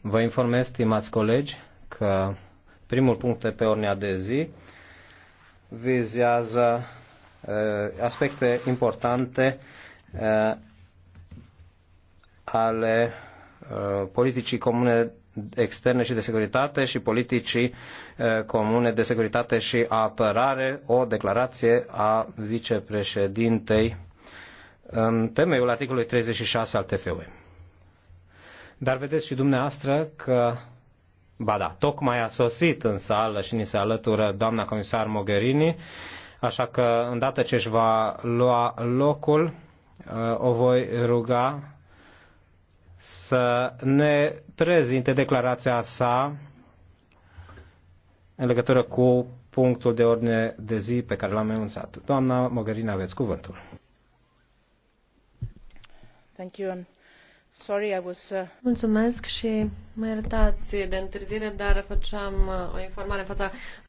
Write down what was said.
Vă informez, stimați colegi, că primul punct de pe ordinea de zi vizează uh, aspecte importante uh, ale uh, politicii comune externe și de securitate și politicii uh, comune de securitate și apărare, o declarație a vicepreședintei în temeiul articolului 36 al TFUE. Dar vedeți și dumneavoastră că, ba da, tocmai a sosit în sală și ni se alătură doamna comisar Mogherini, așa că îndată ce își va lua locul, uh, o voi ruga să ne prezinte declarația sa în legătură cu punctul de ordine de zi pe care l-am enunțat. Doamna Mogherini, aveți cuvântul. Thank you. Sorry, I was, uh... Mulțumesc și mă iertați de întârziere, dar făceam uh, o informare în fața